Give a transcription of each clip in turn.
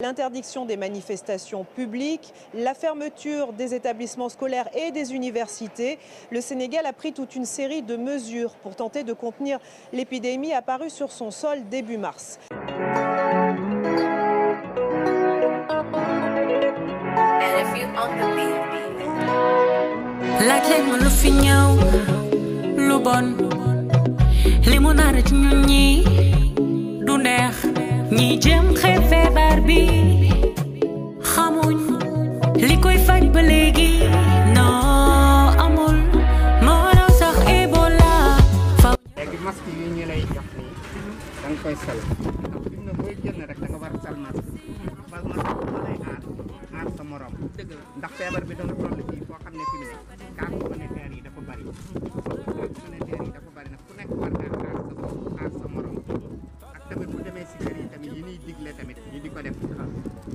l'interdiction des manifestations publiques, la fermeture des établissements scolaires et des universités, le Sénégal a pris toute une série de mesures pour tenter de contenir l'épidémie apparue sur son sol début mars. ñi jëm xeeb feebar bi xamuñ li koy faj ba léegi non amul moo raw sax Ebola fa léegi masque yi ñu lay jox nii koy sol ndax fi mu ne booy génn rek da nga war a sol masque parce que masque moo lay aar aar sa morom ndax feebar bi da nga fi mu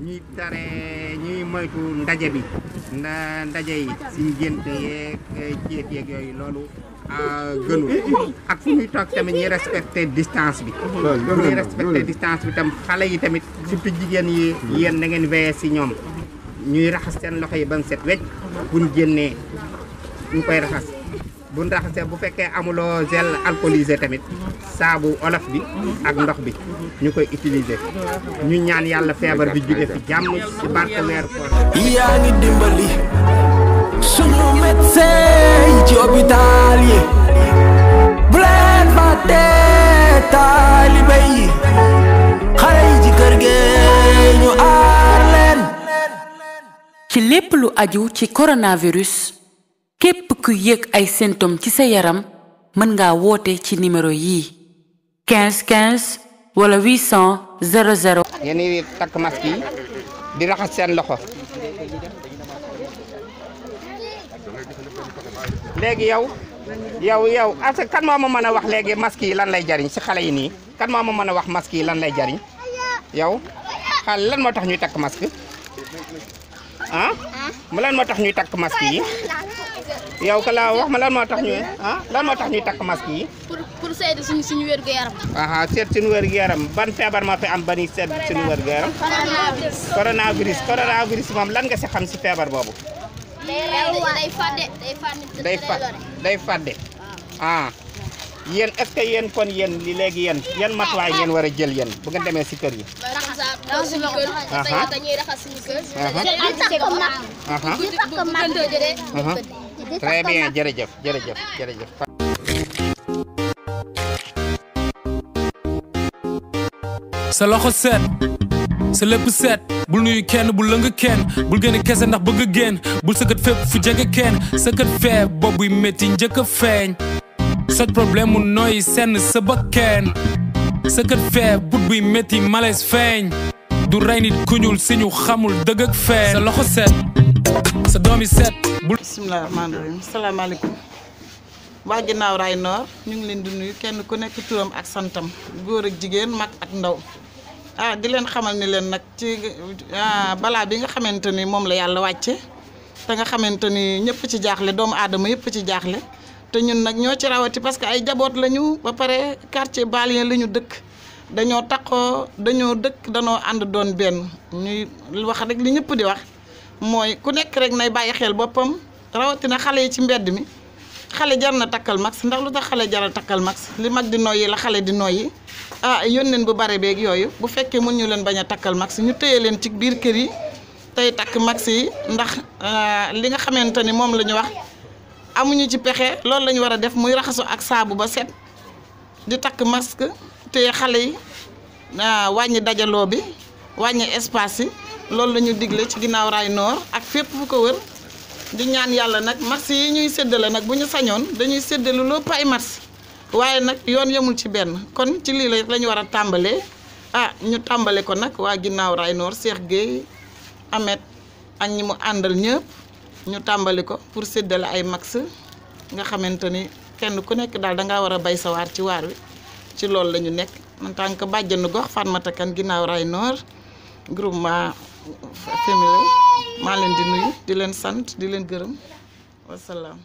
ñuy tere ñuy moytu ndaje bi nda ndaje yi suñ génte eh, yeeg yooyu loolu ah, gënul ak fu ñuy toog tamit ñu respecté distance bi ñuy respecté distance bi tam xale yi tamit surtout jigéen yi hmm. yéen na ngeen veillé si ñoom ñuy raxas seen loxo yi ba mu set wecc buñ génnee ñu koy raxas bu ndax bu fekkee amuloo gel alcoolisé tamit saabu olof bi ak ndox bi ñu koy utiliser ñu ñaan yàlla feebar bi jóge fi jàmm ci barke yaa ngi dimbali suñu médecin yi ci hôpital yi bu leen fàtte taalibe yi xale yi ci kër gi ñu aar leen ci lépp lu aju ci coronavirus képp ku yëg ay symptôme ci sa yaram mën nga woote ci numéro yi 15 15 wala 800 00. yéen tak takk masque yi di raxas seen loxo léegi yow yow yow asa kan moo ma mën a wax léegi masque yi lan lay jariñ si xale yi nii kan moo ma mën a wax masque yi lan lay jariñ yow xal lan moo tax ñuy takk masque ah lan moo tax ñuy takk masque yi yow ka laa wax ma lan mo ah, tax ñuy ha lan mo tax ñuy tak masque yi. pour pour sédd suñu suñu wër gu yaram. ah seet suñu wër gu yaram ban fièvre ma fi am bani sét seet suñu wër gu yaram. coronavirus coronavirus coronavirus moom lan nga sé xam ci fièvre bobu day fadé day fadé day fadé ah, ah. yen est ce yen kon yen li légui yen yen matuwaay ngeen war a jël yen bu nga démé ci kër yi. raxas suñu kër dañuy raxas suñu kër. dañuy takk masque. bu guddi bu guddi très bien jërëjëf jërëjëf jërëjëf sa loxo seet sa lépp seet bul nuyu kenn bul lëng kenn bul gën a kese ndax bëgg génn bul sëkkat fépp fu jege kenn sëkkat fee boobuy métti njëkk a feeñ soj problème mu nooy sen sa bakkeen sëkkat fee but buy métti malaise feeñ du rey nit ñuul si ñu xamul dëgg ak feeñ sa loxo seet sa doomi seet bul bisimilah rahmaani rahim salaamaaleykum waa ginnaaw raay noor ñu ngi leen di nuyu kenn ku nekk turam ak santam góor ak jigéen mag ak ndaw ah di leen xamal ni leen nag ci ah, balaa bi nga xamante ni moom la yàlla wàcce te nga xamante ni ñëpp ci jaaxle doomu aadama yëpp ci jaaxle te ñun nag ñoo ci rawati parce que ay jaboot lañu ba pare quartier balien lañu dëkk dañoo taqoo dañoo dëkk dañoo ànd doon benn ñuy wax rek li ñëpp di wax mooy ku nekk rek nay bàyyi xel boppam. rawatina xale yi ci mbedd mi xale jar na takkal max ndax lu tax xale jar a takkal max li mag di noyyi la xale di noyyi ah yónneen bu bare beeg yooyu bu fekkee mën ñu leen bañ a takkal max ñu téye leen ci biir kër yi tey takk max yi ndax ah, li nga xamante ni moom la wax amuñu ci pexe loolu lañu war a def muy raxasu ak saabu ba set di takk masque téye xale yi ah, wàññi dajaloo bi wàññi espace yi loolu la ñu digle ci ginnaaw raay noor ak fépp fu ko wër. di ñaan yalla nak match yi ñuy seddel nak buñu ñu sañoon dañuy seddel lu pay mars waye nak yoon yamul ci ben kon ci li lañu wara a ah ñu tambalé ko nak wa ginnaw ray nor Cheikh gey Ahmed ak ñi mu àndal ñëpp ñu tambalé ko pour seddel ay max nga xamanteni kenn ku nekk dal da nga wara bay sa war ci war wi ci lool lañu nekk en tant que gox mata kan ginnaw ray nor groupement féminin maa leen di nuyu di leen sant di leen gërëm wasalaam